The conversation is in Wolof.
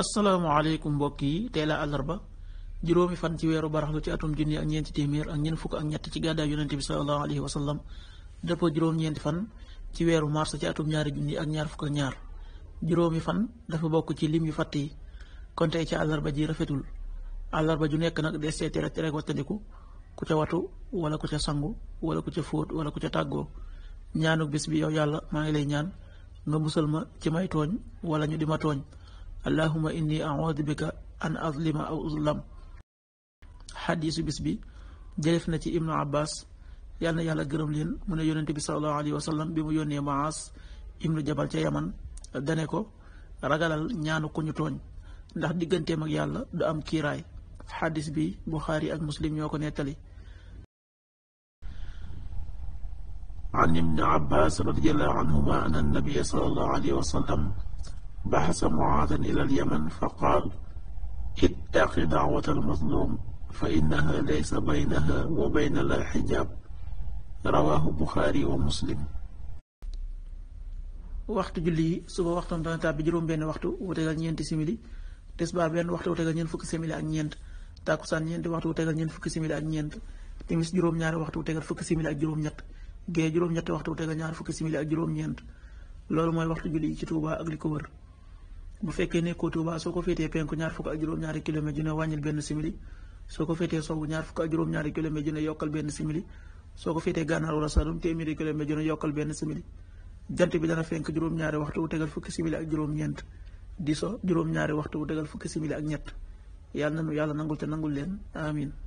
asalaamaaleykum mbokk yi tey la àllarba juróomi fan ci weeru baraxlu ci atum junni ak ñeenti téeméer ak ñeent fukk ak ñett ci gàddaay yonent bi sallallahu alayhi wa sallam dëppoo juróom-ñeenti fan ci weeru mars ci atum ñaari junni ak ñaar fukk ak ñaar juróomi fan dafa bokk ci lim yu fàtt yi kon tey ci àllarba ji rafetul àllarba ju nekk nag des tere tere wattandiku ku ca watu wala ku ca sangu wala ku ca fóot wala ku ca tàggoo ñaanu bés bi yow yàlla maa ngi lay ñaan nga musal ma ci may tooñ wala ñu di ma tooñ. allahuma inni audu an azlima aw uzlam xadiisu bis bi jëlef na ci ibnu abbas yàlla gërëm leen mu ne yonente bi salallahu alayhi wa bi mu yónnee maas ibnu jabal ca yaman dane ko ragalal ñaanu ku ñu tooñ ndax digganteem ak yàlla du am kiiraay xadis bi buxaari ak muslim ñoo ko nettali an ibni abbas radiallahu anhuma an بعث معاذا إلى اليمن فقال اتق دعوة المظلوم فإنها ليس بينها وبين لا حجاب rawaahu Buxaari wa Muslim. waxtu julli yi suba waxtoom dana tàbbi juróom-benn waxtu wutegal ñeenti simili tisbaar benn waxtu wutegal ñeent fukki simili ak ñeent tàkkusaan ñeenti waxtu wutegal ñeent fukki simili ak ñeent timis juróom-ñaari waxtu wutegal fukki simili ak juróom-ñett gee juróom-ñetti waxtu wutegal ñaar fukki simili ak juróom-ñeent loolu mooy waxtu julli yi ci Tuubaa ak ko wër. bu fekkee nekkoo Tuuba soo ko féetee penku ñaar fukk ak juróom-ñaari kilomètre dina wàññil benn simili soo ko féetee sowwu ñaar fukk ak juróom-ñaari kilomètre dina yokkal benn simili soo ko féetee gànnaar wala saalum téeméeri kilomètre dina yokkal benn simili jant bi dana fenk juróom-ñaari waxtu bu tegal fukki simili ak juróom-ñeent di so juróom-ñaari waxtu bu tegal fukki simili ak ñett yàlla nanu yàlla nangul te nangul leen amin